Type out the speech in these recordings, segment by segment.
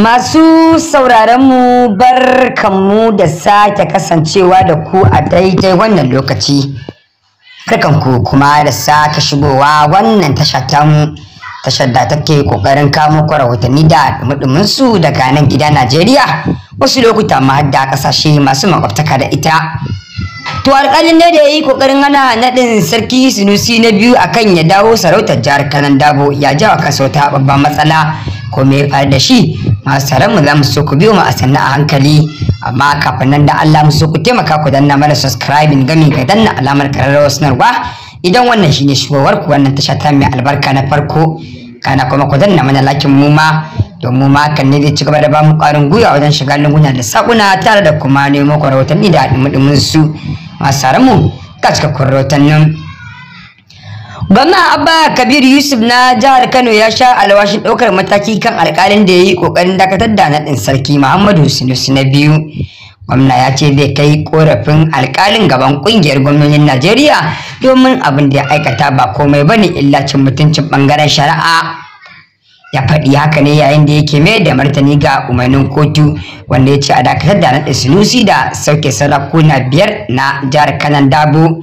Masu sauraronmu barkanmu da sake kasancewa da ku a daidai wannan lokaci. ku kuma da sake shigowa wannan tasha tamu, tashar da take ƙoƙarin kamo rahotanni da su daga nan gida Najeriya, wasu lokuta ma da ƙasashe masu makwabtaka da ita. To alƙalin ne da ya yi ƙoƙarin hana naɗin sarki Sunusi na biyu akan ya dawo sarautar jihar Kanan Dabo ya jawa kaso ta babban matsala ko me da shi masaran mu zamu so ku biyo mu a sannan a hankali amma kafin nan da Allah mu so ku taimaka ku danna mana subscribing gami ga danna alamar kararrawar sanarwa idan wannan shine shigowar ku wannan tasha ta mai albarka na farko kana kuma ku danna mana lakin mu ma don mu ma kan ne zai ci gaba da bamu ƙwarin gwiwa wajen shiga guna da sakuna tare da kuma nemo rahotanni da haɗin su masu taron cika ga cikakkun rahotannin gwamna abba kabir yusuf na jihar kano ya sha alwashin ɗaukar mataki kan alƙalin da ya yi ƙoƙarin dakatar da naɗin sarki muhammadu sinusi na biyu gwamna ya ce zai kai korafin alƙalin gaban ƙungiyar gwamnonin najeriya domin abin da ya aikata ba komai bane illa cin mutuncin ɓangaren shari'a ya faɗi haka ne yayin da yake mai da martani ga umarnin kotu wanda ya ce a dakatar da naɗin sinusi da sauke sarakuna biyar na jihar kanan dabo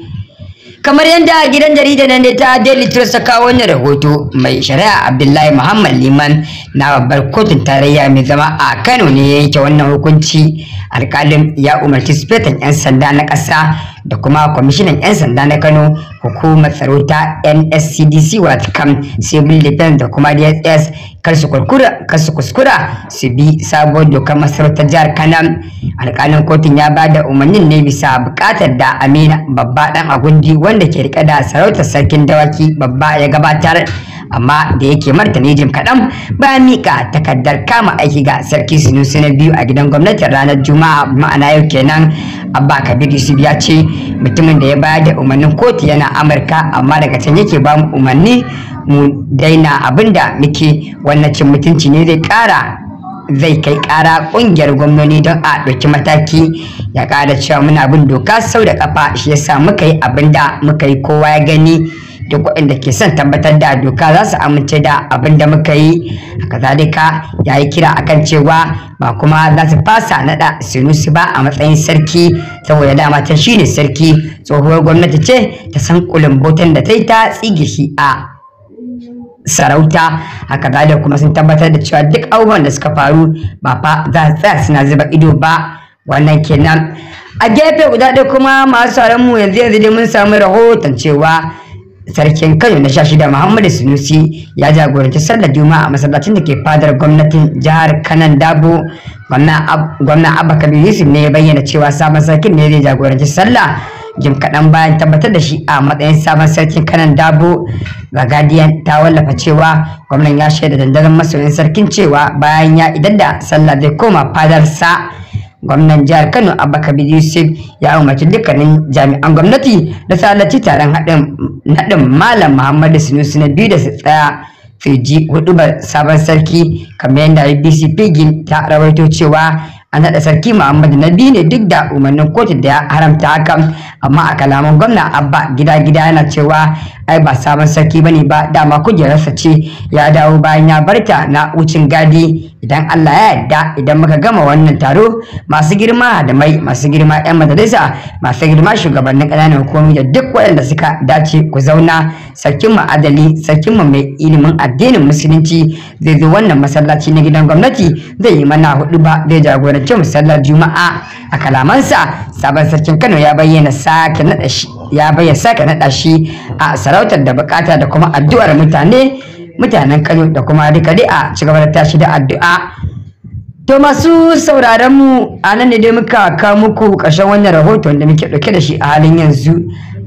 kamar yadda gidan jarida na ta daily trust ta kawo wannan rahoto mai shari'a abdullahi muhammad liman na babbar kotun tarayya mai zama a kano ne ya yanke wannan hukunci alkalin ya umarci sufetan 'yan sanda na ƙasa da kuma kwamishinan 'yan sanda na kano hukumar tsaro ta nscdc watakam civil defense da kuma dss kar su kuskura su bi sabon dokar masarautar jihar kano alkalin kotun ya ba da umarnin ne bisa buƙatar da amina babba dan agundi wanda ke rike da sarautar sarkin dawaki babba ya gabatar amma da yake martani jim kaɗan bayan mika takardar kama aiki ga sarki sinusi na biyu a gidan gwamnatin ranar juma'a ma'ana yau kenan abba kabir yusuf ya ce mutumin da ya bayar da umarnin kotu yana amurka amma daga can yake ba mu umarni mu daina abin da muke wannan cin mutunci ne zai ƙara zai kai kara ƙungiyar gwamnoni don a ɗauki mataki ya ƙara cewa muna bin doka sau da ƙafa shi yasa muka yi abin da muka yi kowa ya gani duk waɗanda ke son tabbatar da doka za su amince da abin da muka yi kazalika ya yi kira akan cewa ba kuma za su fasa naɗa sinusi ba a matsayin sarki saboda dama ta shine sarki tsohuwar gwamnati ce ta san botan da ta yi ta tsige shi a sarauta haka da kuma sun tabbatar da cewa duk abubuwan da suka faru ba fa za su tsaya suna zuba ido ba wannan kenan a gefe guda ɗaya kuma masu sauran mu yanzu yanzu dai mun samu rahoton cewa sarkin kano na sha shida muhammadu sunusi ya jagoranci sallar juma'a a masallacin da ke fadar gwamnatin jihar kanan dabo gwamna abba kabir yusuf ne ya bayyana cewa sabon sarkin ne zai jagoranci sallah jim kaɗan bayan tabbatar da shi a matsayin sabon sarkin kanan dabo ga guardian ta wallafa cewa gwamnan ya shaida dandazon masoyin sarkin cewa bayan ya idan da sallah zai koma fadarsa gwamnan jihar kano abba kabir yusuf ya umarci dukkanin jami'an gwamnati da halarci taron haɗin malam muhammadu sinusi na biyu da su tsaya su ji hudubar sabon sarki kamar yadda bbc pigin ta rawaito cewa an haɗa sarki Muhammad na biyu ne duk da umarnin kotu da ya haramta hakan amma a kalaman gwamna abba gida gida yana cewa ai ba sabon sarki bane ba dama kujerarsa ce ya dawo bayan ya barta na wucin gadi idan Allah ya yarda idan muka gama wannan taro masu girma da mai masu girma 'yan majalisa masu girma shugabannin ƙananan hukumomi da duk waɗanda suka dace ku zauna sarkin mu adali sarkin mu mai ilimin addinin musulunci zai zo wannan masallaci na gidan gwamnati zai yi mana hudu ba zai jagoranci musallar juma'a a kalamansa sabon sarkin Kano ya bayyana sake naɗa shi ya bayyana sake naɗa shi a sarautar da bukata da kuma addu'ar mutane mutanen kayo da kuma duka dai a ci da tashi da addu'a to masu sauraron mu a nan ne dai muka kawo muku ƙarshen wannan rahoton da muke ɗauke da shi a halin yanzu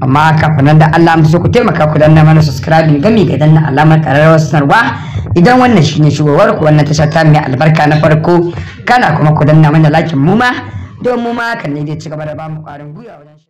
amma kafin nan da Allah mu so ku taimaka ku danna mana subscribing gami ga danna alamar ƙararrawar sanarwa idan wannan shine shigowar ku wannan tasha ta mai albarka na farko kana kuma ku danna mana lakin mu ma don mu ma kan ne dai ci gaba da bamu ƙwarin gwiwa wajen